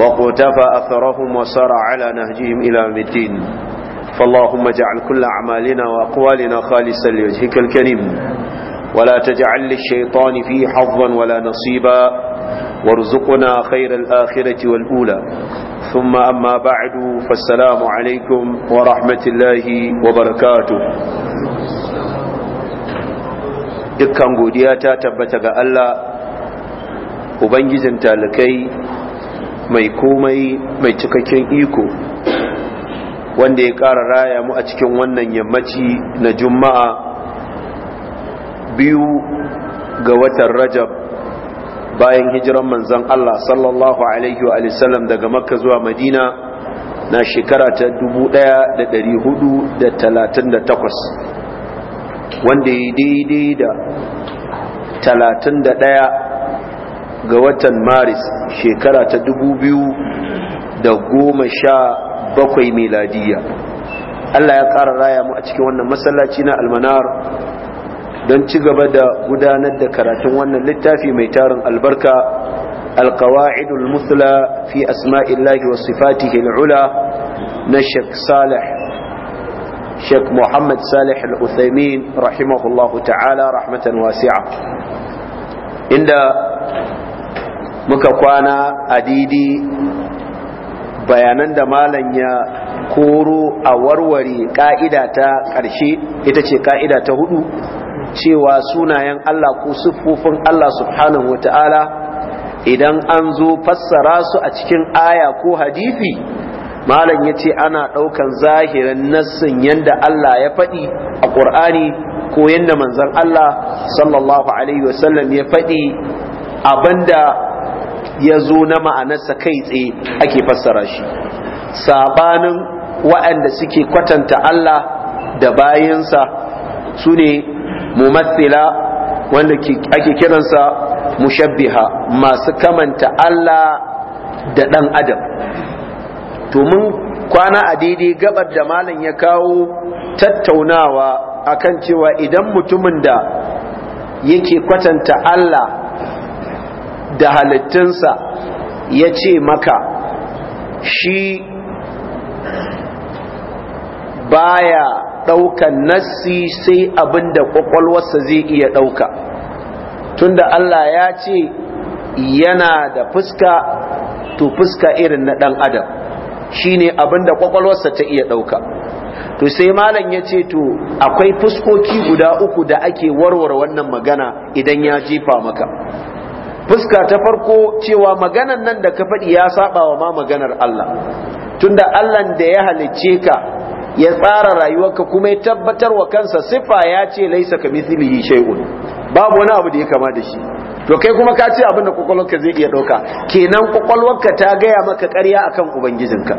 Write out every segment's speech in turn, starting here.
وقتفى أثرهم وسار على نهجهم إلى الدين فاللهم اجعل كل أعمالنا وأقوالنا خالصا لوجهك الكريم ولا تجعل للشيطان فيه حظا ولا نصيبا وارزقنا خير الآخرة والأولى ثم أما بعد فالسلام عليكم ورحمة الله وبركاته dukkan godiya ta tabbata ga Allah Ubangijin talakai mai komai mai cikakken iko wanda ya ƙara raya mu a cikin wannan yammaci na juma'a biyu ga watan rajab bayan hijiran manzan Allah sallallahu alaihi wa sallam daga makka zuwa madina na shekara ta dubu da 1438 wanda ya daidai da da 31 ga watan maris shekara ta dubu biyu da goma sha bakwai meladiya Allah ya ƙara raya mu a cikin wannan masallaci na almanar don ci gaba da gudanar da karatun wannan littafi mai tarin albarka alkawa'idul musula fi asma'illahi wa sifatihi al'ula na shek salih شيخ محمد صالح الأثيمين رحمه ta'ala rahmatan رحمة واسعة muka kwana a didi bayanan da malam ya koro a warware ka'ida ta ƙarshe ita ce ka'ida ta hudu cewa sunayen Allah ko siffofin Allah subhanahu wata'ala idan an zo fassara su a cikin aya ko hadifi malam ya ce ana ɗaukan zahirin nassin yadda Allah ya faɗi a ƙur'ani ko yadda manzan Allah sallallahu alaihi wasallam ya faɗi abinda ya zo na ma'anarsa kai tsaye ake fassara shi sabanin waɗanda suke kwatanta Allah da bayansa su ne mumathila wanda ake kiransa mushabbiha masu kamanta Allah da ɗan adam to kwana a daidai gabar da malam ya kawo tattaunawa akan cewa idan mutumin da yake kwatanta Allah da halittunsa ya ce maka shi baya ɗaukan nassi sai abin da ƙwaƙwalwarsa zai iya ɗauka tunda Allah ya ce yana da fuska to fuska irin na ɗan adam shi ne abin da ƙwaƙwalwarsa ta iya ɗauka to sai malam ya ce to akwai fuskoki guda uku da ake warware wannan magana idan ya jefa maka fuska ta farko cewa maganan nan da ka faɗi ya saba wa ma maganar Allah tunda Allah da ya halicce ka ya tsara rayuwarka kuma ya tabbatar wa kansa sifa ya ce laisa ka mithlihi shay'un babu wani abu da ya kama da shi to kai kuma ka ce abin da kokolwarka zai iya ɗauka kenan kokolwarka ta gaya maka ƙarya akan ubangijinka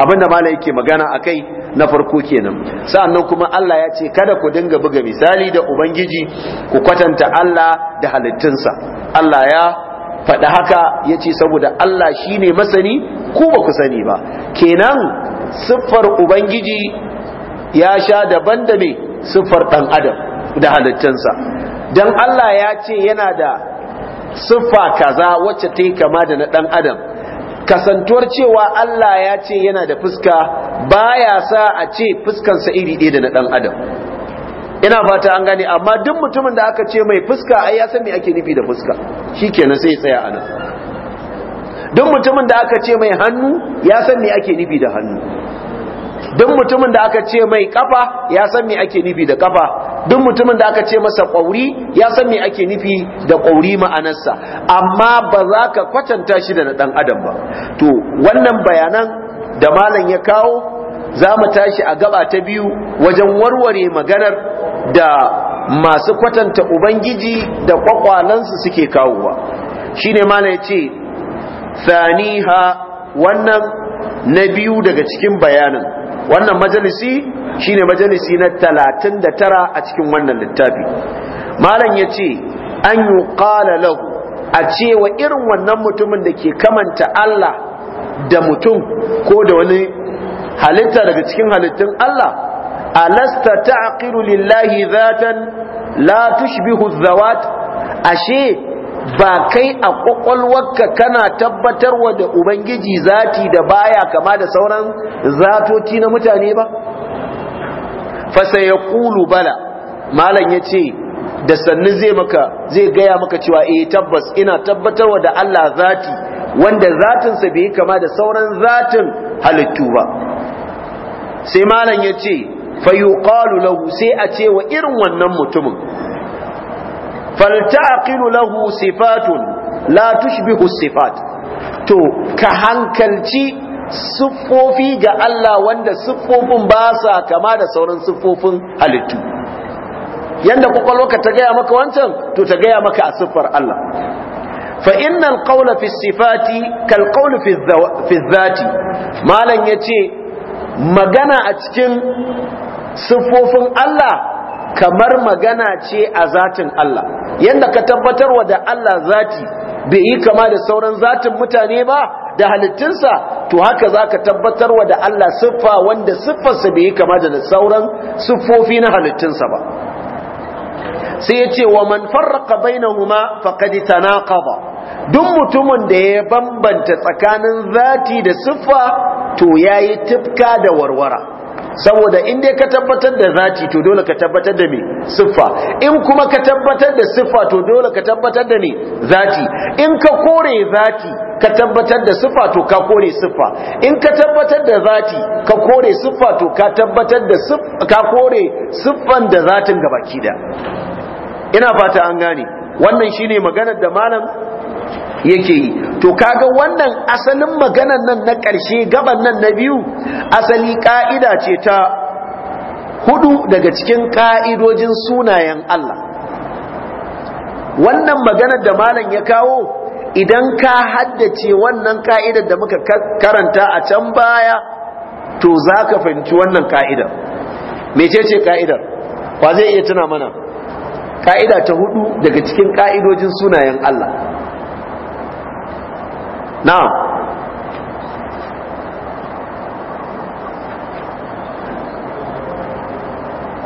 abin da yake magana akai na farko kenan sa'annan kuma Allah ya ce kada ku dinga buga misali da ubangiji ku kwatanta Allah da halittunsa Allah ya faɗi haka ya ce saboda Allah shi ne masani ku ba ku sani ba kenan siffar ubangiji ya sha daban da me siffar ɗan adam da halittansa don Allah ya ce yana da siffa kaza wacce ta yi kama da na ɗan adam kasantuwar cewa Allah ya ce yana da fuska baya sa a ce fuskansa iri ɗaya da na ɗan adam ina fata an gani amma duk mutumin da aka ce mai fuska ai ya san me ake nufi da fuska shikenan sai ya tsaya anan duk mutumin da aka ce mai hannu ya san me ake nufi da hannu duk mutumin da aka ce mai kafa ya san me ake nufi da kafa duk mutumin da aka ce masa kwauri ya san me ake nufi da ƙwauri ma'anarsa amma ba za ka kwatanta shi da na ɗan adam ba to wannan bayanan da malam ya kawo za mu tashi a gaba ta biyu wajen warware maganar da masu kwatanta ubangiji da kwakwalansu suke kawowa ne mana ya ce saniha wannan na biyu daga cikin bayanin wannan majalisi shi ne majalisi na talatin da tara a cikin wannan littafi malam ya ce an yi lahu a cewa irin wannan mutumin da ke kamanta Allah da mutum ko da wani halitta daga cikin halittun Allah alasta ta'qilu lillahi zatan la tushbihu zawat ashe ba kai a kokolwarka kana tabbatar wa da ubangiji zati da baya kama da sauran zatoci na mutane ba fasa sayaqulu bala malam ya da sannu zai maka zai gaya maka cewa eh tabbas ina tabbatarwa da Allah zati wanda zatinsa bai kama da sauran zatin halittu ba sai malam ya ce fayuqalu lahu sai a ce wa irin wannan mutumin faltaqilu lahu sifatun la tushbihu sifat to ka hankalci siffofi ga Allah wanda siffofin ba sa kama da sauran siffofin halittu yanda ka ta gaya maka wancan to ta gaya maka a siffar Allah fa فإن fi sifati الصفات كالقول في الذات ya ce. magana a cikin siffofin Allah kamar magana ce a zatin Allah yadda ka tabbatarwa da Allah zati bai yi kama da sauran zatin mutane ba da halittunsa to haka za ka tabbatarwa da Allah siffa wanda siffarsa bai yi kama da sauran siffofi na halittunsa ba sai ya ce wa man farraka ta faqad tanaqaba duk mutumin da ya bambanta tsakanin zati da siffa to yayi tufka da warwara saboda in dai ka tabbatar da zati to dole ka tabbatar da me siffa in kuma ka tabbatar da siffa to dole ka tabbatar da me zati in ka kore zati ka tabbatar da siffa to ka kore siffa in ka tabbatar da zati ka kore siffa to ka tabbatar da ka kore siffan da zatin gabaki da ina fata an gane wannan shine maganar da malam yake yi to kaga wannan asalin maganan nan na ƙarshe gaban nan na biyu asali ƙa'ida ce ta hudu daga cikin ƙa'idojin sunayen Allah wannan maganar da malam ya kawo idan ka haddace wannan ka'idar da muka karanta a can baya to za ka fahimci wannan ka'idar mecece ka'idar ba zai iya tuna mana ka'ida ta hudu daga cikin ka'idojin sunayen Allah na'am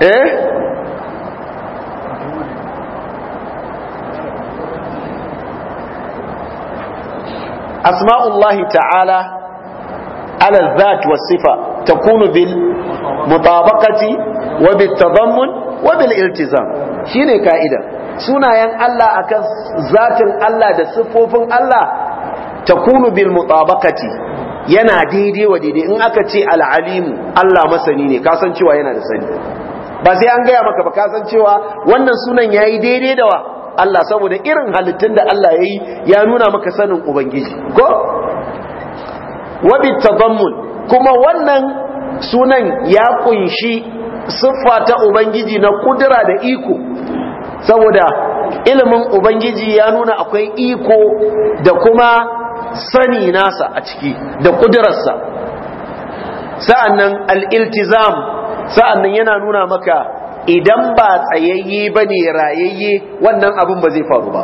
eh? asma'ullahi ta'ala ala zat wa sifa takunu bil mutabaqati wa bit tadammun wa bil iltizam shine ka'ida sunayen Allah akan zatin Allah da siffofin Allah takunu bil mutabaqati yana daidai wa daidai in aka ce al-alim Allah masani ne san cewa yana da sani ba sai an gaya maka ba san cewa wannan sunan yayi daidai da wa Allah saboda irin halittun da Allah yayi ya nuna maka sanin ubangiji ko wa bit kuma wannan sunan ya kunshi siffa ta ubangiji na kudura da iko saboda ilimin ubangiji ya nuna akwai iko da kuma sani nasa a ciki da ƙudurarsa sa'annan al'iltizam sa'annan yana nuna maka idan ba tsayayye ba ne rayayye wannan abin ba zai faru ba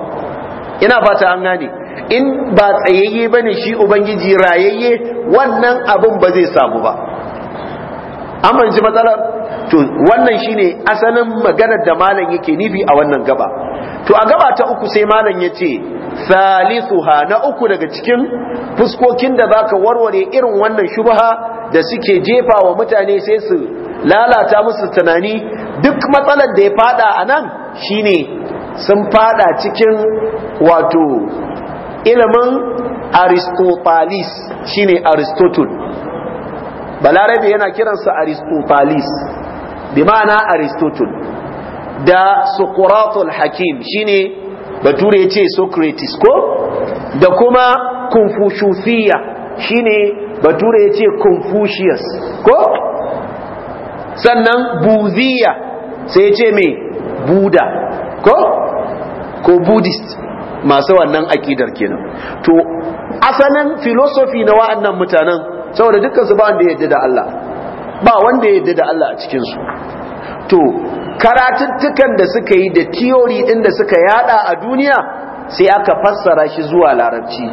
ina fata an gane in ba tsayayye ba ne shi ubangiji rayayye wannan abin ba zai samu ba an manci matsalar to wannan shine asalin maganar da malam yake nibi a wannan gaba to a gaba ta uku sai malam ya ce salisuha na uku daga cikin fuskokin da zaka warware irin wannan shubha da suke jefa wa mutane sai su lalata musu tunani duk matsalar da ya fada anan nan shine sun fada cikin wato ilimin aristotelis shine aristotle balarabe yana kiransa aristotelis bi ma'ana aristotle da socrates hakim shine bature ya socrates ko da kuma confuciusiya shine bature ya confucius ko sannan buziya sai ce mai buda ko ko buddhist masu wannan akidar kenan to asalin filosofi na wa'annan mutanen saboda dukkan su ba wanda ya yarda da Allah ba wanda ya yarda da Allah a cikin su to karatuttukan da suka yi da theory din da suka yada a duniya sai aka fassara shi zuwa larabci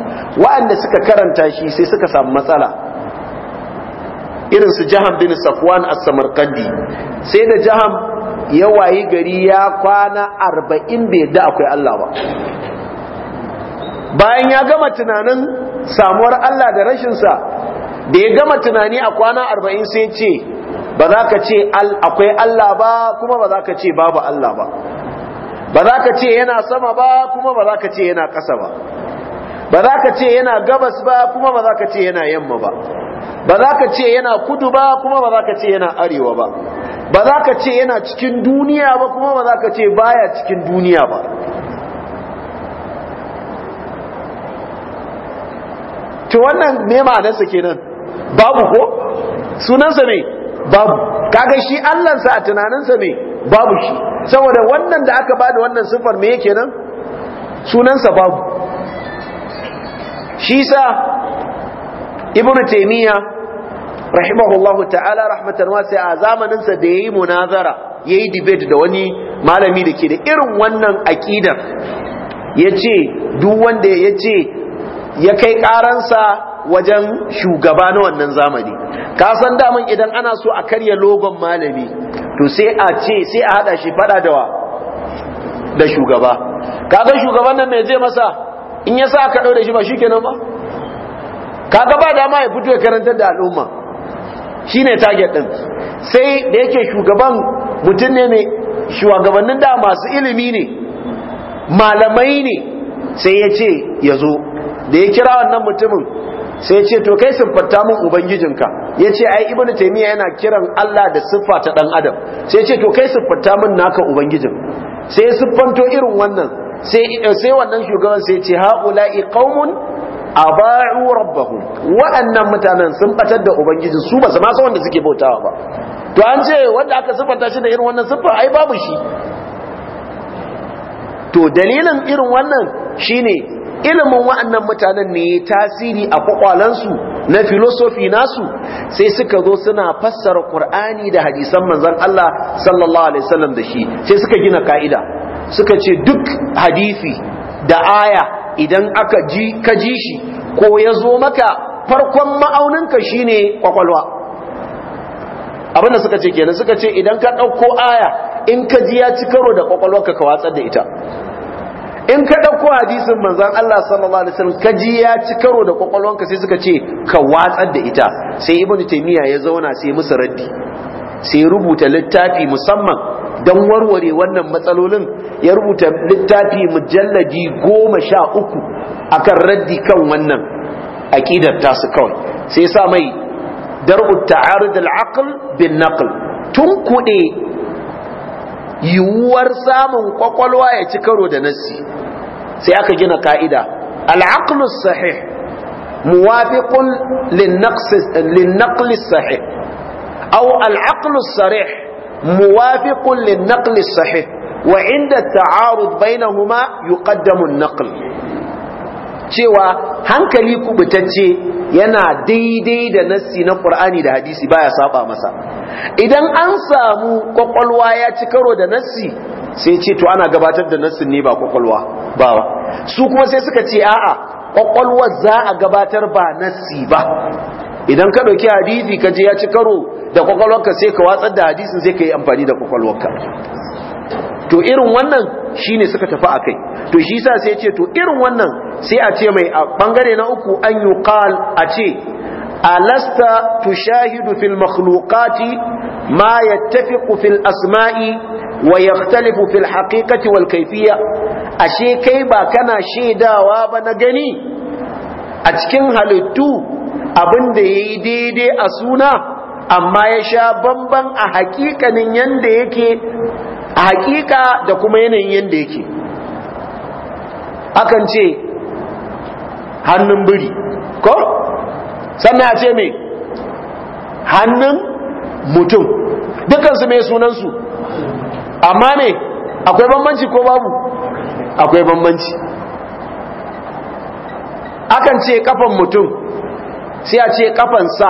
waɗanda suka karanta shi sai suka samu matsala irin su bin safwan as-samarqandi sai da jahan yawayi gari ya kwana 40 bai da akwai Allah ba bayan ya gama tunanin samuwar Allah da rashinsa da ya gama tunani a kwana 40 sai ce ba za ka ce akwai Allah ba kuma ba za ka ce babu Allah ba ba za ka ce yana sama ba kuma ba za ka ce yana ƙasa ba ba za ka ce yana gabas ba kuma ba za ka ce yana yamma ba ba za ka ce yana kudu ba kuma ba za ka ce yana arewa ba ba za ka ce yana cikin duniya ba kuma ba za ka ce baya cikin duniya ba to wannan ne ma'anarsa kenan babu ko sunansa ne babu kaga shi allansa a tunaninsa ne babu shi saboda wannan da aka bada wannan sifar me yake nan sunansa babu shi sa ibnu taymiya rahimahullahu ta'ala rahmatan wasi'a a zamaninsa da yayi munazara yayi debate da wani malami da ke da irin wannan aqidar yace duk wanda yace ya kai karansa wajen shugaba na wannan zamani Kasan san daman idan ana so a karya logon malami to sai a ce sai a hada shi fada da wa da shugaba kaga shugaban nan me zai masa in ya sa aka daure shi ba shikenan ba kaga ba dama ya fito ya karantar da al'umma shine target din sai da yake shugaban mutum ne mai shugabannin da masu ilimi ne malamai ne sai ya ce ya zo da ya kira wannan mutumin sai ce to kai siffarta min ubangijinka ya ce ai ibnu taymiya yana kiran Allah da siffa ta dan adam sai ce to kai siffarta min naka ubangijin sai siffanto irin wannan sai eh, wannan shugaban sai ce haula'i qaumun aba'u rabbahum wa'annan mutanen sun batar da ubangijin su ba su ma san wanda suke bautawa ba to an ce wanda aka siffanta shi da irin wannan siffa ai babu shi to dalilin irin wannan shine ilimin wa'annan mutanen ne ya tasiri a kwakwalansu na filosofi nasu sai suka zo suna fassara ƙur'ani da hadisan manzan Allah sallallahu alaihi wasallam da shi sai suka gina ka'ida suka ce duk hadisi da aya idan aka ji ka shi ko ya zo maka farkon ma'auninka shi ne kwakwalwa abinda suka ce kenan suka ce idan ka ɗauko aya in ka ji ya ci karo da kwakwalwarka ka watsar da ita in ka ɗauko hadisin manzan Allah sallallahu alaihi wasallam ka ji ya ci karo da kwakwalwanka sai suka ce ka watsar da ita sai ibn taymiya ya zauna sai musu raddi sai rubuta littafi musamman don warware wannan matsalolin ya rubuta littafi mujalladi goma sha uku akan raddi kan wannan aƙidar su kawai sai sa mai darbu ta'arud al-aql bin naql tun kuɗe yiwuwar samun kwakwalwa ya ci karo da nassi sai aka gina ka'ida al'aqlu sahih muwafiqun lin-naql sahih aw al'aqlu sarih muwafiqun lin-naql sahih wa inda ta'arud bainahuma yuqaddamu an-naql cewa hankali kubutacce yana daidai da nassi na Qur'ani da hadisi baya saba masa idan an samu ƙwaƙwalwa ya ci karo da nassi sai ce to ana gabatar da nassin ne ba kwakwalwa bawa su kuma sai suka ce a'a kwakwalwar za a gabatar ba nassi ba idan ka ɗauki hadisi ka je ya ci karo da kwakwalwarka sai ka watsar da hadisin sai ka yi amfani da kwakwalwarka to irin wannan shine suka tafi a kai to shi sa sai ce to irin wannan sai a ce mai a bangare na uku an yi qal a ce alasta tushahidu fil makhluqati ma yattafiqu fil asma'i wa yakhtalifu fil haqiqati wal kayfiyya ashe kai ba kana shaidawa ba na gani a cikin halittu abin da ya yi daidai a suna amma ya sha bamban a hakikanin yadda yake a hakika da kuma yanayin yadda yake akan ce hannun biri ko sannan a ce mai hannun mutum dukansu mai sunansu amma ne akwai bambanci ko babu akwai bambanci akan ce kafan mutum sai a ce kafan sa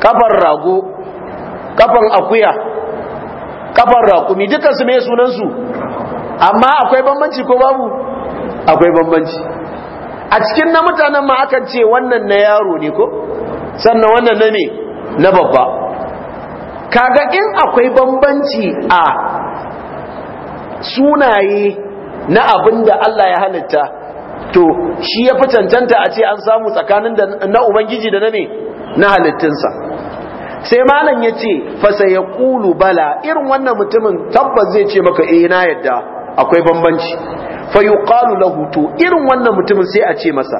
kafan rago kafan akuya kafan rakumi su mai sunansu amma akwai bambanci ko babu akwai bambanci a cikin na mutanen ma akan ce wannan na yaro ne ko sannan wannan na ne na babba kaga in akwai bambanci a sunaye na abin da Allah ya halitta to shi ya fi cancanta a ce an samu tsakanin da na ubangiji da na ne na halittinsa sai malam ya ce fasa ya kulu bala irin wannan mutumin tabbas zai ce maka eh na yadda akwai bambanci fa yuqalu lahu to irin wannan mutumin sai a ce masa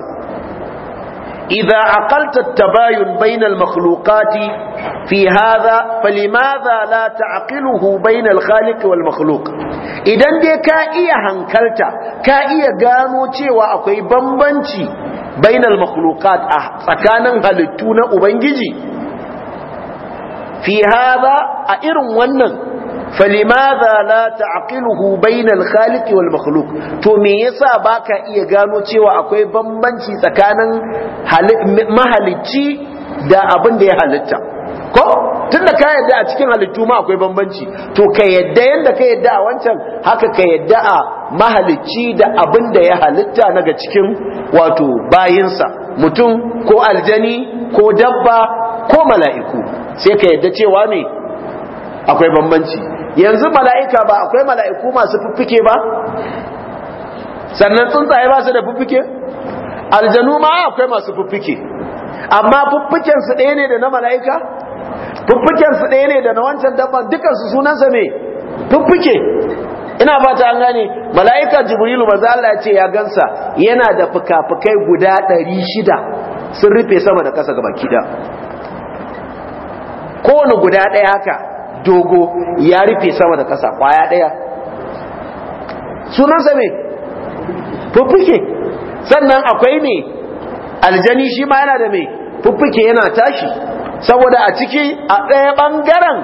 إذا عقلت التباين bainal المخلوقات في هذا فلماذا لا bainal بين الخالق idan dai ka iya hankalta ka iya gano cewa akwai bambanci bainal makhluqat a tsakanin halittu na ubangiji fi hada a irin wannan فلماذا لا تعقله بين الخالق والمخلوق تو to me yasa baka iya gano cewa akwai bambanci tsakanin mahalicci da abin da ya halitta ko tunda ka yadda a cikin halittu ma akwai bambanci to ka yadda yanda ka yadda a wancan haka ka yadda a mahalicci da abin da ya halitta naga cikin wato bayinsa mutum ko aljani ko dabba ko mala'iku sai ka yadda cewa ne akwai bambanci yanzu mala'ika ba akwai mala'iku masu fuffike ba sannan tsuntsaye ba su da fuffike aljanu ma akwai masu fuffike amma fuffiken su ɗaya ne da na mala'ika fuffiken su ɗaya ne da na wancan dabban dukansu sunansa ne fuffike ina fata an gane mala'ika jibrilu ba za a ce ya gansa yana da fuka-fukai guda ɗari shida sun rufe sama da ƙasa gaba da kowane guda ɗaya haka dogo ya rufe sama da ƙasa kwaya ɗaya sunansa me fuffuke sannan akwai me aljani shi ma yana da me fuffuke yana tashi saboda a ciki a ɗaya ɓangaren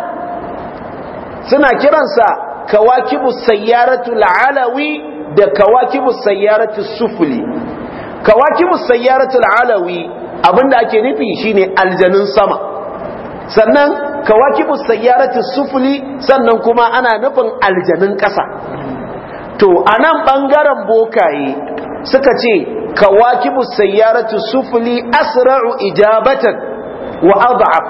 suna kiransa kawakibu sayyaratu la'alawi da kawakibu sayyaratu sufuli kawakibu sayyaratu la'alawi abinda ake nufi shine aljanin sama sannan kawakibu sayyaratu sufuli sannan kuma ana nufin Aljanin ƙasa to anan bangaren bokaye suka ce kawakibu sayyaratu sufuli asra'u ijabatan wa ad'af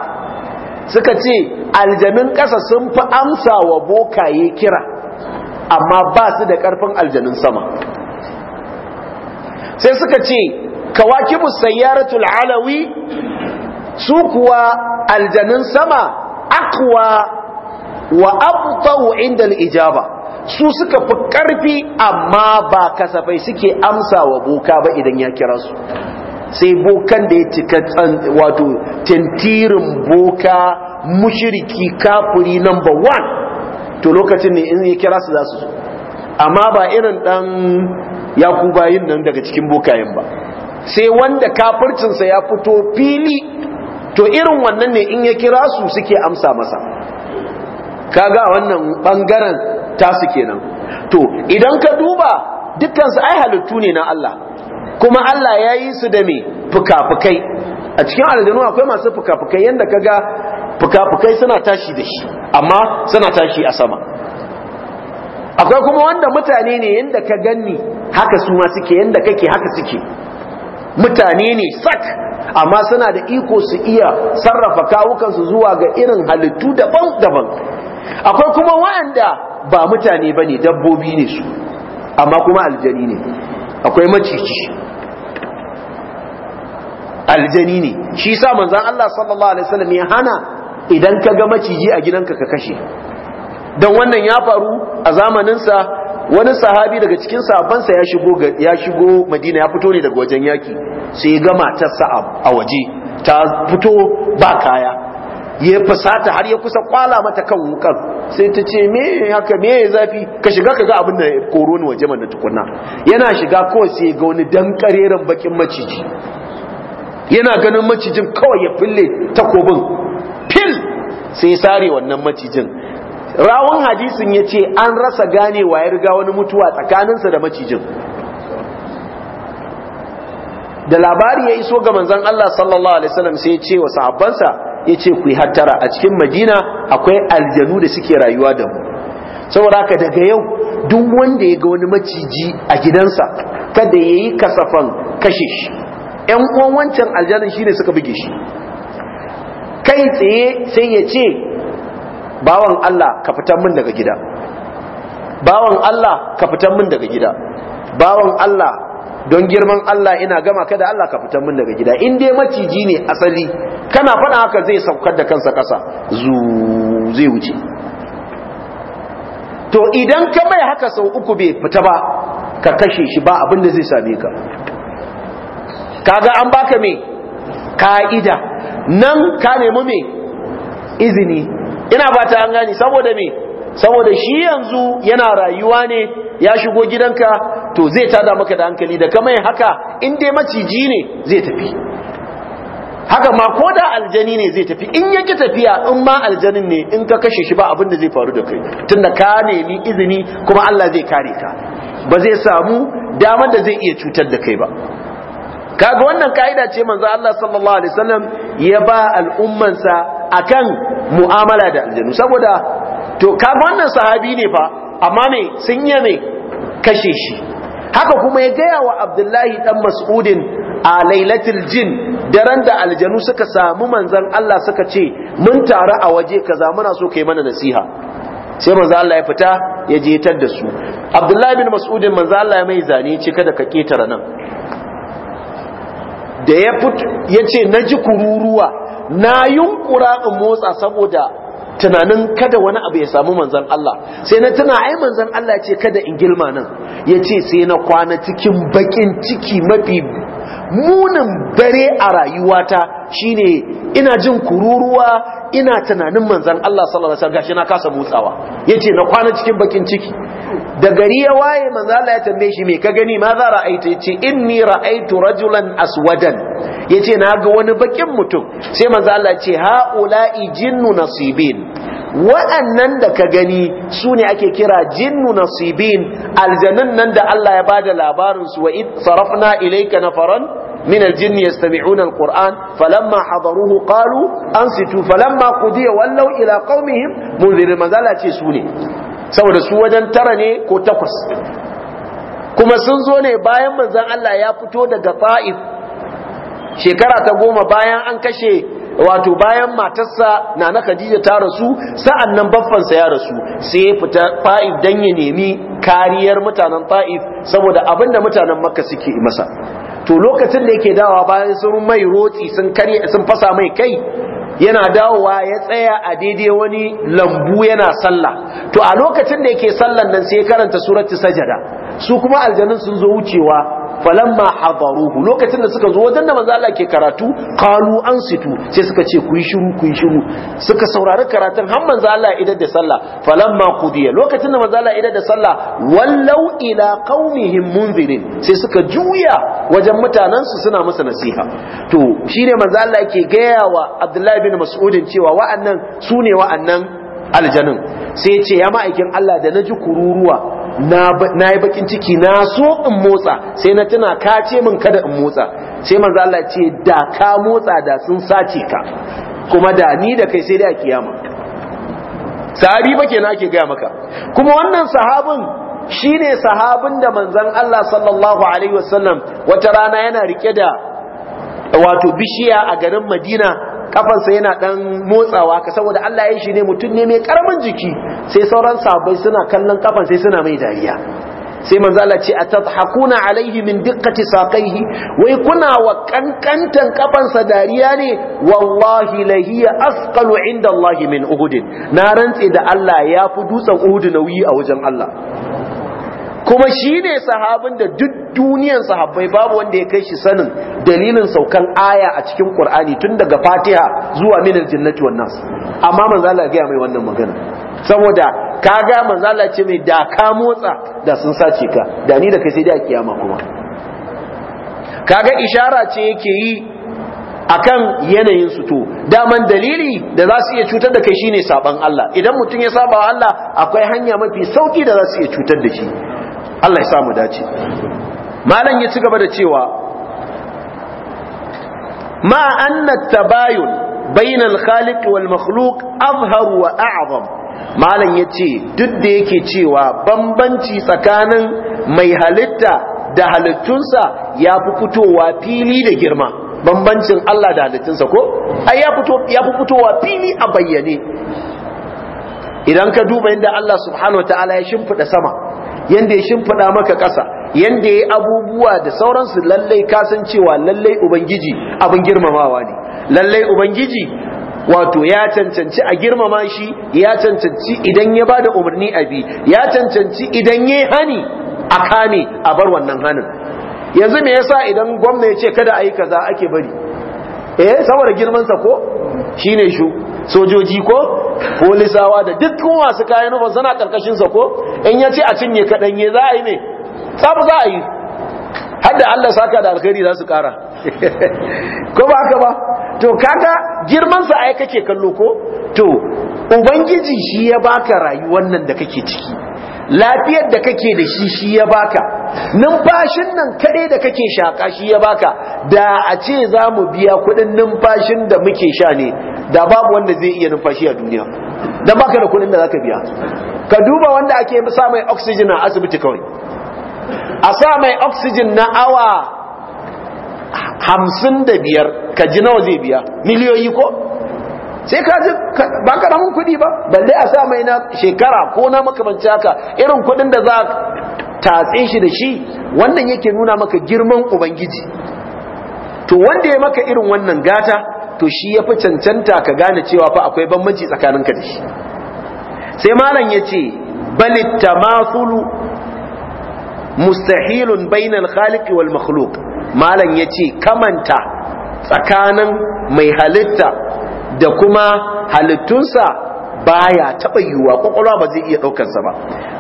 suka ce Aljanin ƙasa sun fi amsa wa bokaye kira amma ba su da ƙarfin Aljanin sama sai suka ce kawakibu sayyaratul alawi su kuwa aljanin sama akwa wa abtau inda ijaba su suka fi ƙarfi amma ba kasafai suke amsa wa boka ba idan ya kira su sai bokan da ya cika wato tantirin boka mushiriki kafuri number 1 to lokacin ne in ya kira su za su amma ba irin dan yakubayin nan daga cikin bokayen ba sai wanda kafircinsa ya fito fili to irin wannan ne in ya kira su suke amsa masa kaga wannan bangaren tasu kenan to idan ka duba dukkansu ai halittu ne na Allah kuma Allah ya yi su da me fukafukai a cikin aljanu akwai masu fukafukai yadda kaga ga suna tashi da shi amma suna tashi a sama akwai kuma wanda mutane ne yadda ka ganni haka su ma suke yadda kake haka suke mutane ne sak amma suna da iko su iya sarrafa kawukansu zuwa ga irin halittu daban-daban akwai kuma waɗanda ba mutane ba dabbobi ne su amma kuma aljani ne akwai macici aljani ne shi sa manzan Allah sallallahu alaihi wasallam ya hana idan ka ga maciji a gidanka ka kashe don wannan ya faru a zamaninsa wani sahabi daga cikin sahabbansa ya shigo ya shigo Madina ya fito ne daga wajen yaki sai ga matar matarsa a waje ta fito ba kaya ya fasata har ya kusa kwala mata kan wukan sai ta ce me haka me zafi ka shiga ka ga abin da koro ni waje mana tukunna yana shiga kawai sai ga wani dan kareren bakin maciji yana ganin macijin kawai ya fille takobin fil sai sare wannan macijin rawun hadisin ya ce an rasa ganewa ya riga wani mutuwa tsakaninsa da macijin da labari ya iso ga manzon Allah sallallahu alaihi wasallam sai ya ce wa sahabbansa ya ce ku yi hattara a cikin madina akwai aljanu da suke rayuwa da mu saboda haka daga yau duk wanda ya ga wani maciji a gidansa kada ya yi kasafan kashe shi ‘yan uwan wancan aljanin shi ne suka buge shi kai tsaye sai ya ce bawan Allah ka fitar min daga gida bawan Allah ka fitar min daga gida bawan Allah don girman Allah ina gama kada Allah ka fitar min daga gida in dai maciji ne asali kana faɗa haka zai saukar da kansa ƙasa zu zai wuce to idan ka mai haka sau uku bai fita ba ka kashe shi ba abin da zai same ka kaga an baka me ka'ida nan ka nemi me izini ina fata an gani saboda me saboda shi yanzu yana rayuwa ne ya shigo gidanka to zai tada maka da hankali da kamar haka in dai maciji ne zai tafi haka ma ko da aljani ne zai tafi in yake tafiya in ma aljanin ne in ka kashe shi ba abin da zai faru da kai tunda ka nemi izini kuma Allah zai kare ka ba zai samu damar da zai iya cutar da kai ba kaga wannan kaida ce manzo Allah sallallahu alaihi wasallam ya ba al'ummansa akan mu'amala da aljanu saboda to kaga wannan sahabi ne fa amma me sun yi ne kashe shi haka kuma ya gaya wa Abdullahi dan Mas'udin a lailatul jin daren da aljanu suka samu manzan Allah suka ce mun tare a waje kaza muna so kai mana nasiha sai manzo Allah ya fita ya je tar da su Abdullahi bin Mas'udin manzo Allah ya mai zane ce kada ka ketara nan da ya ya ce na ji kururuwa na yunkura in motsa saboda tunanin kada wani abu ya samu manzan Allah sai na tuna ai manzan Allah ce kada in gilma nan ya ce sai na kwana cikin bakin ciki mafi munin dare a rayuwata shine ina jin kururuwa ina tunanin manzan Allah sallallahu alaihi wasallam gashi na kasa motsawa yace na kwana cikin bakin ciki da gari ya waye manzan Allah ya tambaye shi me ka gani ma za ra'aita yace inni ra'aitu rajulan aswadan yace na ga wani bakin mutum sai manzan Allah yace haula'i jinnu nasibin waɗannan da ka gani su ne ake kira jinnu nasibin aljanun nan da Allah ya bada labarin su wa id sarafna ilayka nafaran min aljinn yastami'una alquran falamma hadaruhu qalu ansitu falamma qudiya wallaw ila qaumihim munzirin manzala ce su ne saboda su wajen tara ne ko takwas kuma sun zo ne bayan manzon Allah ya fito daga Ta'if shekara ta goma bayan an kashe wato bayan matarsa na na Khadija ta rasu sa'an nan baffansa ya rasu sai ya fita Ta'if dan ya nemi kariyar mutanen Ta'if saboda abinda mutanen Makka suke masa to lokacin da yake dawowa bayan sun mai rotsi sun kare sun fasa mai kai yana dawowa ya tsaya a daidai wani lambu yana sallah to a lokacin da yake sallan nan sai karanta suratul sajada su kuma aljanun sun zo wucewa ma hadaruhu lokacin da suka zo wajen da manzo Allah ke karatu an ansitu sai suka ce ku yi shiru ku yi shiru suka saurari karatun har manza Allah idan da sallah falamma qudiya lokacin da manzo Allah idan da sallah wallau ila qaumihim munzirin sai suka juya wajen mutanen su suna masa nasiha to shine manzo Allah ke gaya wa Abdullahi bin Mas'udin cewa wa'annan sune wa'annan aljanin sai ya ce ya ma'aikin Allah da naji kururuwa na yi bakin ciki na so in motsa sai na tuna ka ce min kada in motsa sai manzo Allah ce da ka motsa da sun sace ka kuma da ni da kai sai da kiyama sahabi ba kenan ake gaya maka kuma wannan sahabin shine sahabin da manzon Allah sallallahu alaihi wasallam wata rana yana rike da wato bishiya a garin Madina kafansa yana dan motsawa ka saboda Allah ya yi shi ne mutum ne mai karamin jiki sai sauran sabai suna kallon kafan sai suna mai dariya sai manzo Allah ce atadhakuna alaihi min diqqati saqaihi wai kuna wa kankantan kafansa dariya ne wallahi lahiya asqalu inda Allah min uhud na rantse da Allah ya fi dutsen uhud nauyi a wajen Allah kuma shi ne sahabin da duk duniyan sahabbai babu wanda ya kai shi sanin dalilin saukan aya a cikin Qur'ani tun daga Fatiha zuwa minar jannati wannan amma manzo Allah ya mai wannan magana saboda kaga manzo Allah ce mai da ka motsa da sun sace ka da ni da kai sai dai a kiyama kuma kaga ishara ce yake yi akan yanayin su to daman dalili da za su iya cutar da kai shine saban Allah idan mutum ya saba Allah akwai hanya mafi sauki da za su iya cutar da shi Allah ya sa mu dace malam ya ci gaba da cewa ma anna tabayun bayna al-khaliq wal makhluq azhar wa a'zam malam yace duk da yake cewa bambanci tsakanin mai halitta da halittunsa ya fi fitowa fili da girma bambancin Allah da halittunsa ko ai ya fito ya fi fitowa fili a bayyane idan ka duba inda Allah subhanahu wataala ya shimfida sama yanda ya shimfiɗa maka ƙasa yanda ya abubuwa da sauransu lallai cewa lallai ubangiji abin girmamawa ne lallai ubangiji wato ya cancanci a girmama shi ya cancanci idan ya ba da umarni a bi ya cancanci idan ya hani a kame a bar wannan hanin yanzu me yasa idan gwamna ya ce kada a yi kaza ake bari eh saboda girmansa ko shine shu sojoji ko polisawa da dukkan wasu kayan nufin suna karkashin sa ko in yace a cinye kaɗanye za a yi ne tsabu za a yi hadda Allah saka da alkhairi za su kara ko ba haka ba to kaka girmansa ai kake kallo ko to ubangiji shi ya baka rayuwar nan da kake ciki lafiyar da kake da shi shi ya baka numfashin nan kadai da kake shaka shi ya baka da a ce za mu biya kudin numfashin da muke sha ne da babu wanda zai iya numfashi a duniya da baka da kudin da zaka biya ka duba wanda ake sa mai oxygen a asibiti kawai a sa mai oxygen na awa hamsin da biyar ka ji nawa zai biya miliyoyi ko sai ka ji ba karamin kuɗi ba balle a sa mai na shekara ko na makamanci haka irin kuɗin da za tatse shi da shi wannan yake nuna maka girman ubangiji to wanda ya maka irin wannan gata to shi ya fi cancanta ka gane cewa fa akwai bambanci tsakaninka da shi sai malam ya ce balit masulu mustahilun bainal khaliki wal makhluq malam ya ce kamanta tsakanin mai halitta da kuma halittunsa baya taɓa yiwuwa ƙwaƙwalwa ba zai iya ɗaukansa ba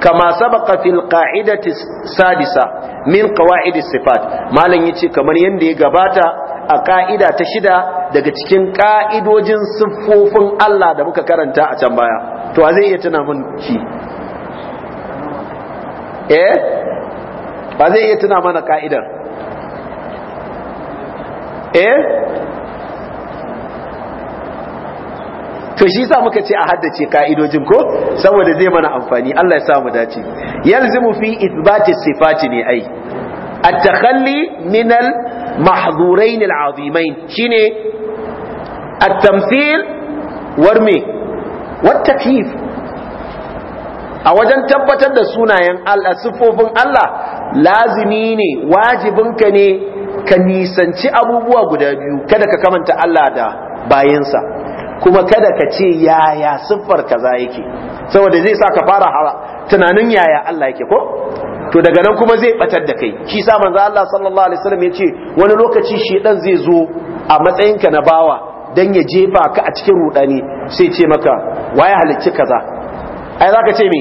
kama sabaka fil qa'idati sadisa min qawaidis sifat malam yace kamar yadda ya gabata a ka'ida ta shida daga cikin ka'idojin siffofin Allah da muka karanta a can baya to zai iya tuna mun ki eh ba zai iya tuna mana ka'idar eh to shi sa muka ce a haddace ka'idojin ko saboda zai mana amfani Allah ya sa mu dace yalzimu fi ithbati sifati ne ai at-takhalli min al-mahdhurain al-azimain shine at-tamthil warme wat-takyif a wajen tabbatar da sunayen Allah sifofin Allah lazimi ne wajibinka ne ka nisanci abubuwa guda biyu kada ka kamanta Allah da bayansa kuma kada ka ce yaya siffar kaza yake saboda zai sa ka fara hawa tunanin yaya Allah yake ko to daga nan kuma zai batar da kai shi sa manzo Allah sallallahu alaihi wasallam yace wani lokaci dan zai zo a matsayin ka na bawa dan ya jefa ka a cikin rudani sai ce maka waye halicci kaza ai zaka ce me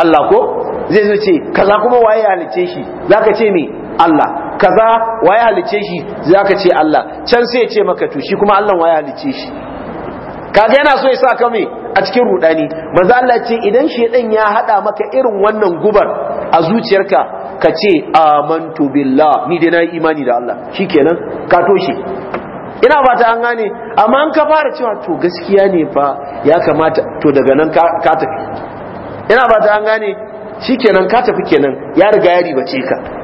Allah ko zai zo ce kaza kuma waye halicce shi zaka ce me Allah kaza waye halicce shi zaka ce Allah can sai ya ce maka to shi kuma Allah waye halicce shi kaga yana so ya sa ka me a cikin rudani manzo Allah ce idan shedan ya hada maka irin wannan gubar a zuciyarka ka ce amantu billah ni dai na yi imani da Allah shikenan ka toshe ina ba ta an gane amma an ka fara cewa to gaskiya ne fa ya kamata to daga nan ka tafi ina ba ta an gane shikenan ka tafi kenan ya riga ya ribace ka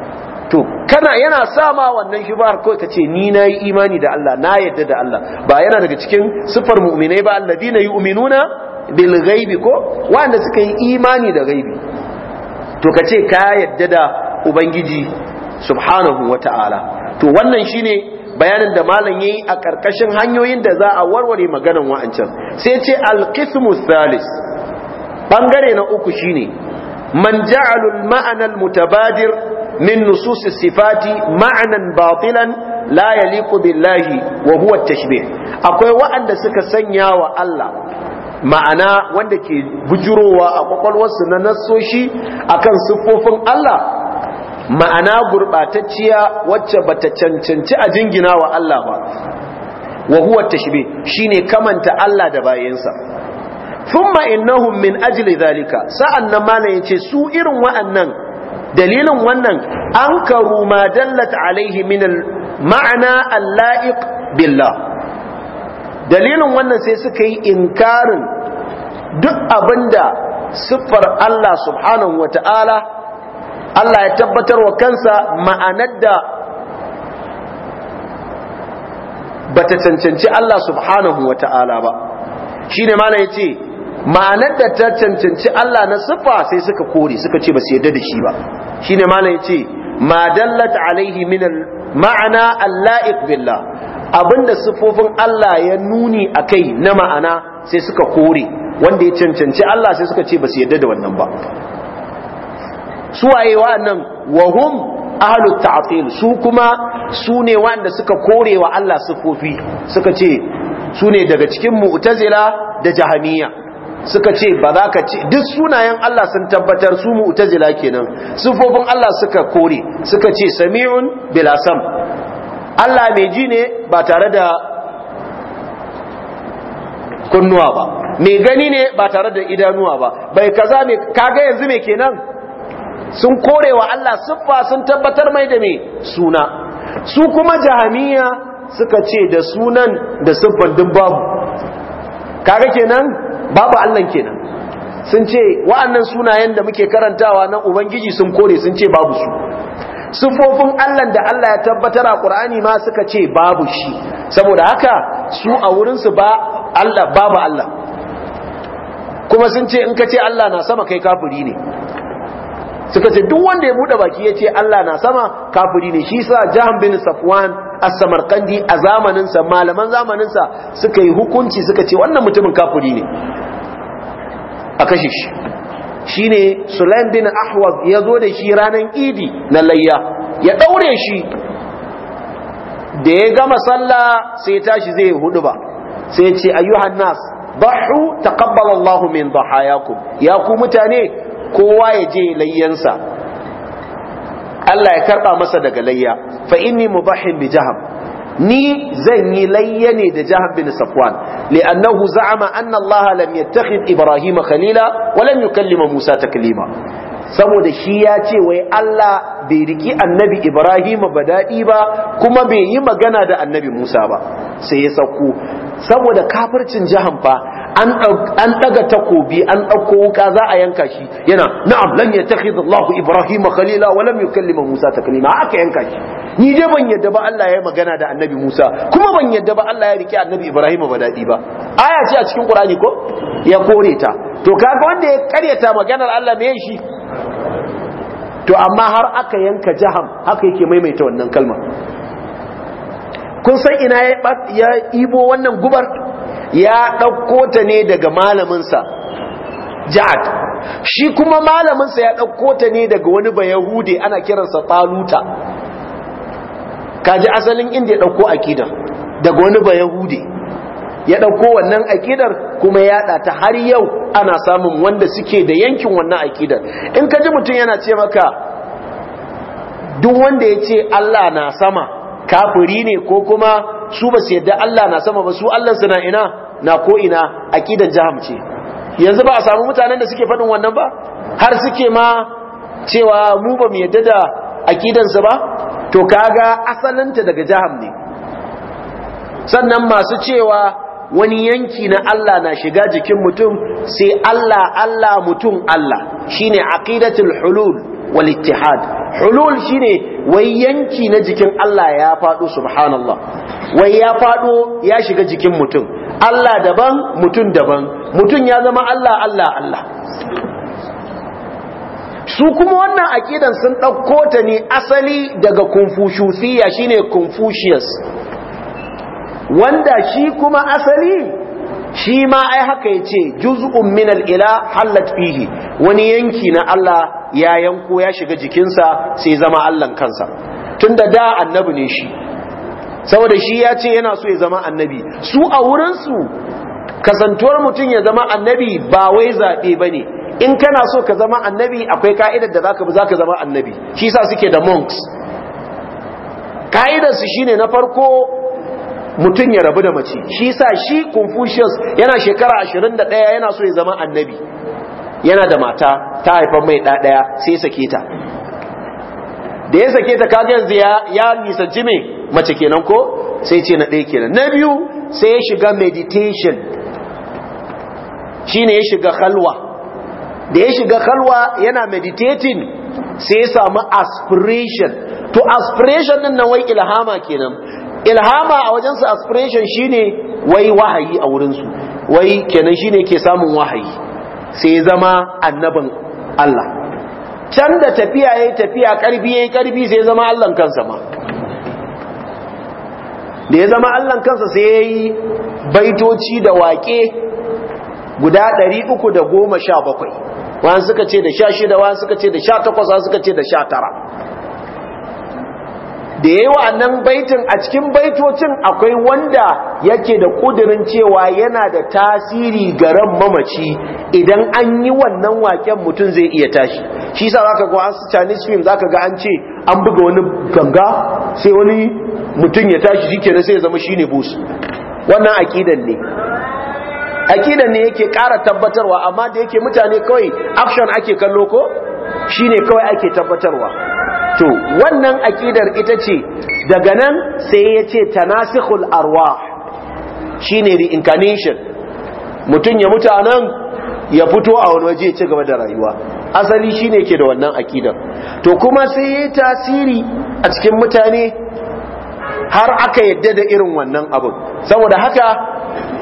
to kana yana sama wannan shubar ko ta ce ni nayi imani da Allah na yadda da Allah ba yana daga cikin sifar mu'minai ba alladina yu'minuna bil ghaibi ko wanda suka yi imani da ghaibi to ka ce ka yadda da ubangiji subhanahu wata'ala to wannan shine bayanin da malam yayi a karkashin hanyoyin da za a warware maganan wa'ancan sai ce al-qismu thalis bangare na uku shine man ja'alul ma'anal mutabadir min nususi sifati ma'anan bafilan la yaliqu billahi wa akwai waɗanda suka sanya wa Allah ma'ana wanda ke bujurowa a kwakwalwarsu na nassoshi akan siffofin Allah ma'ana gurɓatacciya wacce bata cancanci a jingina wa Allah ba wa huwa tashbih shine kamanta Allah da bayansa thumma innahum min ajli dhalika na malan yace su irin wa'annan dalilin wannan an karu ma dallat alaihi min ma'ana alla'iq billah dalilin wannan sai suka yi inkarin duk abinda siffar Allah subhanahu wata'ala Allah ya tabbatar wa kansa ma'anar da bata cancanci Allah subhanahu wata'ala ba shine malam yace ma'anar da ta cancanci Allah na siffa sai suka kore suka ce ba su yadda da shi ba Shi shine malam yace ma dallat alaihi min ma'ana alla'iq billah abinda siffofin Allah ya nuni a kai na ma'ana sai suka kore wanda ya cancanci Allah sai suka ce ba su yadda da wannan ba suwaye wa'annan wa hum ahlut ta'til su kuma su ne wanda suka kore wa Allah siffofi suka ce su ne daga cikin mu'tazila da jahamiya suka ce ba za ka ce duk sunayen Allah sun tabbatar su mu'tazila kenan sifofin Allah suka kore suka ce sami'un bila sam Allah mai ji ne ba tare da kunnuwa ba mai gani ne ba tare da idanuwa ba bai kaza ne kaga yanzu me kenan sun kore wa Allah siffa sun tabbatar mai da mai suna su kuma jahamiya suka ce da sunan da siffar duk babu kaga kenan babu Allah kenan sun ce wa'annan sunayen da muke karantawa na ubangiji sun kore sun ce babu su sufofin Allah da Allah ya tabbatar a Qur'ani ma suka ce babu shi saboda haka su a wurin su ba Allah babu Allah kuma sun ce in kace ce Allah na sama kai kafiri ne suka ce duk wanda ya bude baki ya ce Allah na sama kafiri ne shi sa Jahan bin Safwan as-samarqandi a zamaninsa malaman zamaninsa suka yi hukunci suka ce wannan mutumin kafiri ne a kashe shi shine sulaim bin ahwaz ya zo da shi ranar idi na layya ya daure shi da ya gama sallah sai tashi zai hudu ba sai ya ce ayyuhan nas bahu taqabbala min dhahayakum ya ku mutane kowa ya je layyansa Allah ya karba masa daga layya fa inni mubahin bi jahab ni zan yi layya ne da jahab bin safwan li'annahu za'ama anna Allah lam yattakhid Ibrahim khalila wa lam yukallima Musa taklima saboda shi ya ce wai Allah bai riki annabi Ibrahim ba daɗi ba kuma bai yi magana da annabi Musa ba sai ya sauko saboda kafircin jahan fa an ɗaga takobi an ɗauko wuka za a yanka shi yana na'am lan yatakhidhu Allahu Ibrahim khalila wa lam yukallima Musa taklima aka yanka shi ni dai ban yadda ba Allah ya magana da Annabi Musa kuma ban yadda ba Allah ya rike Annabi Ibrahim ba dadi ba aya ce a cikin Qur'ani ko ya kore ta to kaga wanda ya karyata maganar Allah me shi to amma har aka yanka jaham haka yake maimaita wannan kalma kun san ina ya ibo wannan gubar ya ɗauko ta ne daga malaminsa ja'ad shi kuma malaminsa ya ɗauko ta ne daga wani bayahude ana kiransa taluta kaji asalin inda ya ɗauko akidar daga wani bayahude ya ɗauko wannan akidar kuma ya ɗata ta har yau ana samun wanda suke da yankin wannan akidar in ka ji mutum yana ce maka duk wanda ya ce Allah na sama kafiri ne ko kuma su ba su yadda Allah na sama ba su Allah na ina na ko ina aqidan jahamci yanzu ba a samu mutanen da suke faɗin wannan ba har suke ma cewa mu ba mu yadda da su ba to kaga asalanta daga jaham ne sannan masu cewa wani yanki na Allah na shiga jikin mutum sai Allah Allah mutum Allah shine aqidatul hulul walittihad hulul shine wai yanki na jikin Allah ya fado subhanallah wai ya fado ya shiga jikin mutum Allah daban mutum daban mutum ya zama Allah Allah Allah su kuma wannan akidan sun ɗauko ta ne asali daga confuciusiya shine confucius wanda shi kuma asali shi ma ai haka ya ce juz'un min ila halat fihi wani yanki na Allah ya yanko ya shiga jikinsa sai zama Allah kansa tunda da annabi ne shi saboda shi ya ce yana so ya zama annabi su a wurinsu kasantuwar mutum ya zama annabi ba wai zaɓe ba ne in kana so ka zama annabi akwai ka'idar da zaka bi zaka zama annabi shi sa suke da monks ka'idarsu shine na farko mutum ya rabu da mace shi sa shi confucius yana shekara ashirin da 21 yana so ya zama annabi yana da mata ta haifar mai ɗaya sai sake ta da ya sake ta kaga yanzu ya nisanci mai mace kenan ko sai ce na ɗaya kenan na biyu sai ya shiga meditation shine ya shiga halwa da ya shiga halwa yana meditating sai ya samu aspiration to aspiration din nan wai ilhama kenan ilhama a wajensu aspiration shine wai wahayi a wurinsu wai kenan shine ke samun wahayi sai ya zama annabin Allah can da tafiya yayi tafiya karbi yayi karbi sai ya zama Allah kansa ma da ya zama Allah kansa sai yayi baitoci da waƙe guda 317 wani suka ce da 16 wani suka ce da 18 wani suka ce da 19 da ya wa nan baitin a cikin baitocin akwai wanda yake da kudirin cewa yana da tasiri ga ran mamaci idan an yi wannan waken mutum zai iya tashi shi yasa ka ga an Chinese film ka ga an ce an buga wani ganga sai wani mutum ya tashi shikenan sai ya zama shine bus wannan akidan ne akidan ne yake kara tabbatarwa amma da yake mutane kawai action ake kallo ko ne kawai ake tabbatarwa to wannan aƙidar ita ce daga nan sai ya ce tanasikhul arwah shine reincarnation mutum ya mutu anan ya fito a wani waje ya ci gaba da rayuwa asali shine ke da wannan aƙidar to kuma sai ya tasiri a cikin mutane har aka yadda da irin wannan abun saboda haka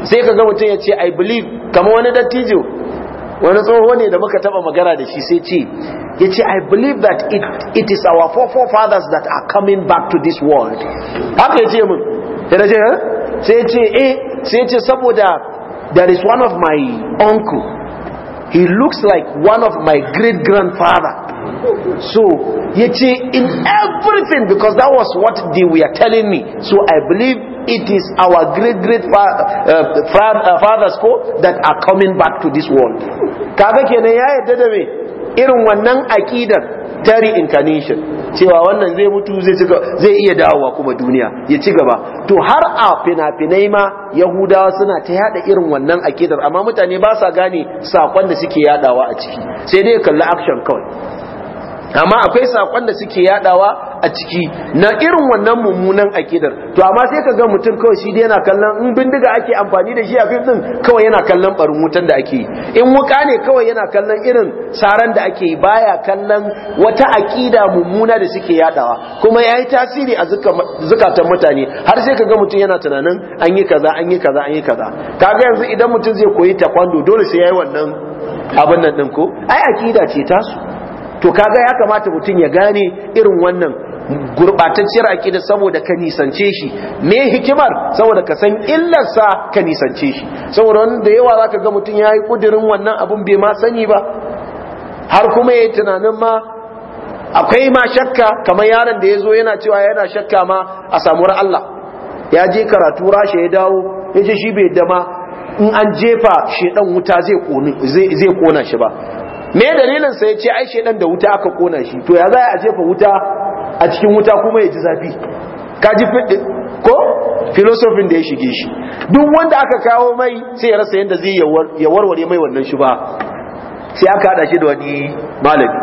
sai ka ga mutum ya ce i believe kamar wani dattijo wani tsoho ne da muka taba magana da shi sai ce You see, I believe that it, it is our forefathers that are coming back to this world. Okay, ya ce mun, ya eh, sai ce saboda uh, there is one of my uncle. He looks like one of my great grandfather. So, you in everything, because that was what they were telling me. So I believe it is our great great uh, father, uh, fathers that are coming back to this world. Kaga kenan ya yadda me? irin wannan aƙidar ta reincarnation cewa wannan zai mutu zai iya dawowa kuma duniya ya ci gaba to har a fina-finai ma yahudawa suna ta yada irin wannan aƙidar amma mutane ba sa gane saƙon da suke yadawa a ciki sai dai kalli action kawai amma akwai sakon da suke yadawa a ciki na irin wannan mummunan akidar to amma sai ka ga mutum kawai shi dai yana kallon in bindiga ake amfani da shi a fim din kawai yana kallon barin wutan da ake in wuka ne kawai yana kallon irin saran da ake baya kallon wata akida mummuna da suke yadawa kuma yayi tasiri a zukatan mutane har sai ka ga mutum yana tunanin an yi kaza an yi kaza an yi kaza kaga yanzu idan mutum zai koyi taekwondo dole sai yayi wannan abin nan din ko ai akida ce tasu to kaga ya kamata mutum ya gane irin wannan gurbatacciyar aqida saboda ka nisance shi me hikimar saboda ka san illarsa ka nisance shi saboda da yawa zaka ga mutum ya yi kudirin wannan abun bai ma sani ba har kuma yayi tunanin ma akwai ma shakka kamar yaron da ya zo yana cewa yana shakka ma a samuwar Allah ya je karatu rasha ya dawo ya ce shi bai dama in an jefa shedan wuta zai kona shi ba me dalilin sa ya ce ai shedan da wuta aka kona shi to ya za a jefa wuta a cikin wuta kuma ya ji zafi ka ji ko filosofin da ya shige shi duk wanda aka kawo mai sai ya rasa yadda zai ya warware mai wannan shi ba sai aka haɗa shi da wani malami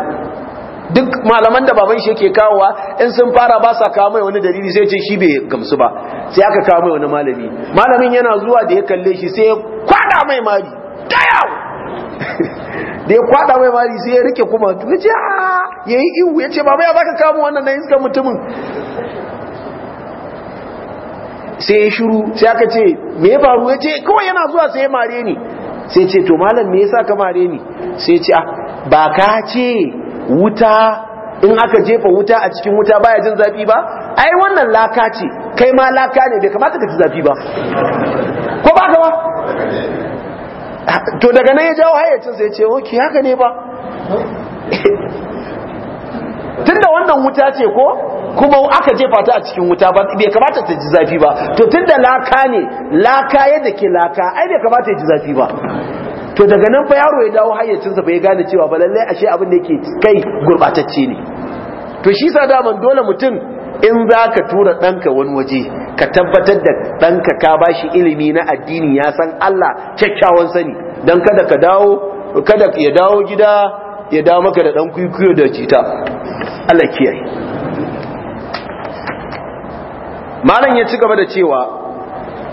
duk malaman da baban shi yake kawowa in sun fara ba sa kawo mai wani dalili sai ce shi bai gamsu ba sai aka kawo mai wani malami malamin yana zuwa da ya kalle shi sai ya kwada mai mali dayaw da ya kwada mai mari sai ya rike kuma tuka ce ah, ya yi iwu ya ce mai ya zaka wannan na iska mutumin sai ya shiru sai aka ce me ya faru ya ce kawai yana zuwa sai ya mare ni sai ce to malam me yasa ka mare ni sai ce ah, ba ka ce wuta in aka jefa wuta a cikin wuta baya jin zafi ba ai wannan laka ce kai ma laka ne bai kamata ka ci zafi ba ko ba ka ba to daga nan ya jawo hayyacinsa ya ce oke haka ne ba tunda wannan wuta ce ko kuma aka jefa ta a cikin wuta ba bai kamata ta ji zafi ba to tunda laka ne laka yadda ke laka ai bai kamata ya ji zafi ba to daga nan fa yaro ya dawo hayyacinsa bai gane cewa ba lallai ashe abin da yake kai gurbatacce ne to shi sa daman dole mutum in za ka tura ɗanka wani waje ka tabbatar da ɗanka ka ba shi ilimi na addini ya san Allah kyakkyawan sani don kada ka dawo kada ya dawo gida ya dawo maka da ɗan kwikwiyo da cita Allah kiyaye malam ya ci gaba da cewa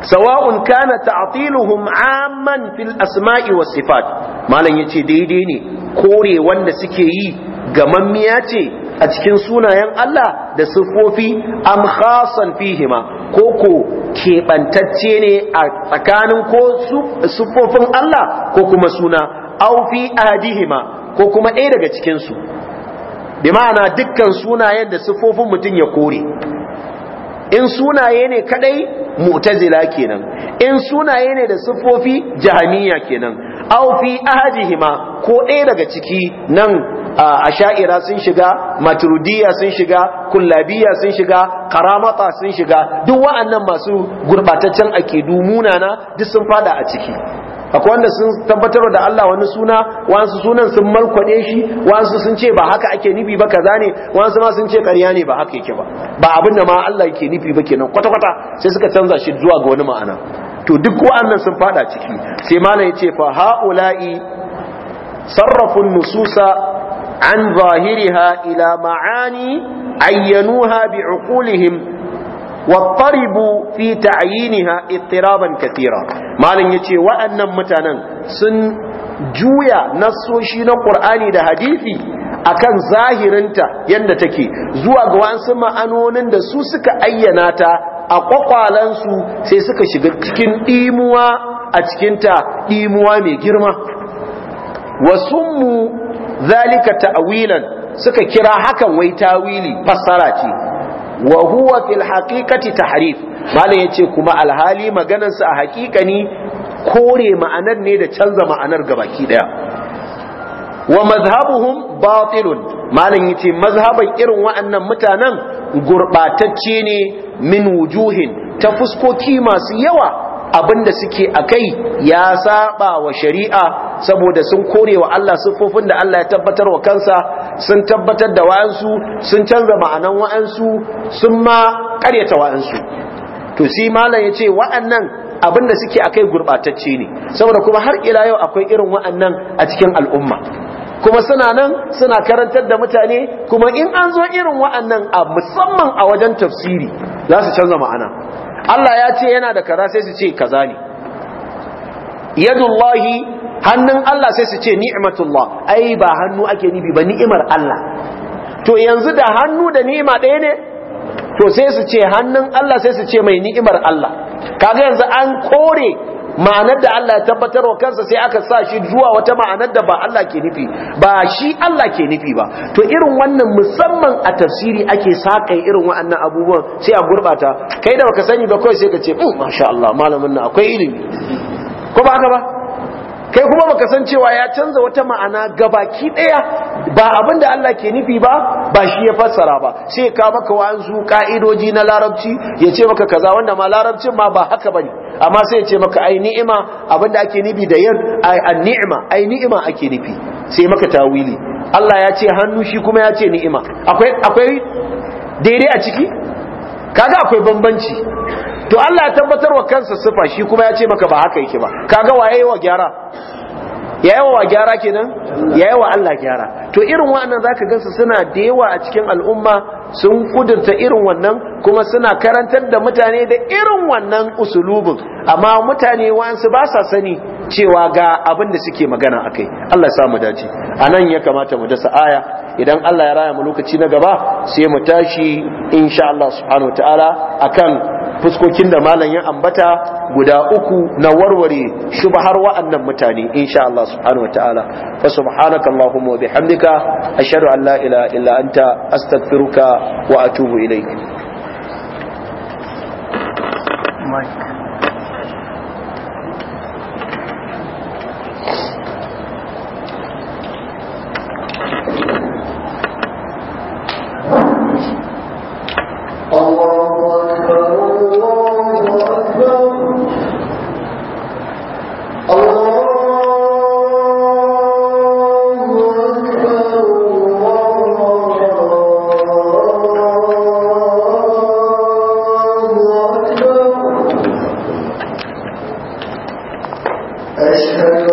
sawa'un kana ta'tiluhum 'amman fil asma'i was sifat malam yace daidai ne kore wanda suke yi gamammiya ce a cikin sunayen Allah da siffofi am khasan fihima ko ko keɓantacce ne a tsakanin ko siffofin Allah ko kuma suna au fi ahadihima ko kuma ɗaya daga cikin su bi ma'ana dukkan sunayen da siffofin mutum ya kore in sunaye ne kadai mu'tazila kenan in sunaye ne da siffofi jahamiya kenan aw fi ahadihima ko ɗaya daga ciki nan A sha'ira sun shiga maturudiya sun shiga kullabiya sun shiga karamata sun shiga duk wa'annan masu gurbataccen akidu munana duk sun fada a ciki akwai wanda sun tabbatar da Allah wani suna wasu sunan sun malkwane shi wasu sun ce ba haka ake nufi ba kaza ne wasu ma sun ce ƙarya ne ba haka yake ba ba abin da ma Allah yake nufi ba kenan kwata kwata sai suka canza shi zuwa ga wani ma'ana to duk wa'annan sun fada ciki sai malam ya ce fa haula'i sarrafun nususa عن ظاهرها إلى معاني عينوها بعقولهم واضطربوا في تعيينها اضطرابا كثيرا ما لن يتي وأن متنا سن جويا نصوشي القرآن ده حديثي akan zahirinta yadda take zuwa ga wasu ma'anonin da su suka ayyana ta a kwakwalansu sai suka shiga cikin ɗimuwa a cikinta ɗimuwa mai girma Wasunmu zalika ta'wilan suka kira hakan wai tawili fassara ce wa huwa fil haqiqati tahrif malam yace kuma alhali maganar sa a haƙiƙani kore ma'anar ne da canza ma'anar gabaki daya wa mazhabuhum batilun malam yace mazhaban irin wa'annan mutanen gurbatacce ne min wujuhin ta fuskoki masu yawa abinda suke akai ya saba wa shari'a saboda sun kore wa Allah siffofin da Allah ya tabbatar wa kansa sun tabbatar da wa'ansu sun canza ma'anan wa'ansu sun ma karyata wa'ansu to si malam yace wa'annan abinda da suke akai gurbatacce ne saboda kuma har ila yau akwai irin wa'annan a cikin al'umma kuma suna nan suna karantar da mutane kuma in an zo irin wa'annan a musamman a wajen tafsiri za su canza ma'ana Allah ya ce yana da kaza sai su ce kaza ne yadullahi hannun Allah sai su ce ni'matullah ai ba hannu ake nibi ba ni'imar Allah to yanzu da hannu da ni'ima ɗaya ne to sai su ce hannun Allah sai su ce mai ni'imar Allah kaga yanzu an kore ma'anar da Allah ya tabbatar wa kansa sai aka sa shi zuwa wata ma'anar da ba Allah ke nufi ba shi Allah ke nufi ba to irin wannan musamman a tafsiri ake sakai irin waɗannan abubuwan sai a gurbata kai da baka sani ba kawai sai ka ce mm, masha Allah malamin na akwai ilimi ko ba haka ba kai kuma baka san cewa ya canza wata ma'ana gabaki daya ba abinda Allah ke nufi ba ba shi ya fassara ba sai ka maka wa'ansu ka'idoji na larabci ya ce maka kaza wanda ma larabcin ma ba haka ba ne? amma sai ya ce maka ai ni'ima abin da ake nufi da yan an ni'ima ai ni'ima ake nufi sai maka tawili Allah ya ce hannu shi kuma ya ce ni'ima akwai akwai daidai a ciki kaga akwai bambanci to Allah ya tabbatar wa kansa sifa shi kuma ya ce maka ba haka yake ba kaga waye wa gyara yayi wa gyara kenan yayi wa Allah gyara to irin wannan zaka gansu suna da yawa a cikin al'umma sun kudurta irin wannan kuma suna karantar da mutane da irin wannan usulubin amma mutane wansu ba sa sani cewa ga abin da suke magana akai Allah ya samu dace anan ya kamata mu dasa aya idan Allah ya raya mu lokaci na gaba sai mu tashi insha Allah subhanahu wataala akan fuskokin da malam ya ambata guda uku na warware shubhar wa'annan mutane insha Allah subhanahu wataala fa subhanaka allahumma wa bihamdika ashhadu an la ilaha illa anta astaghfiruka wa atubu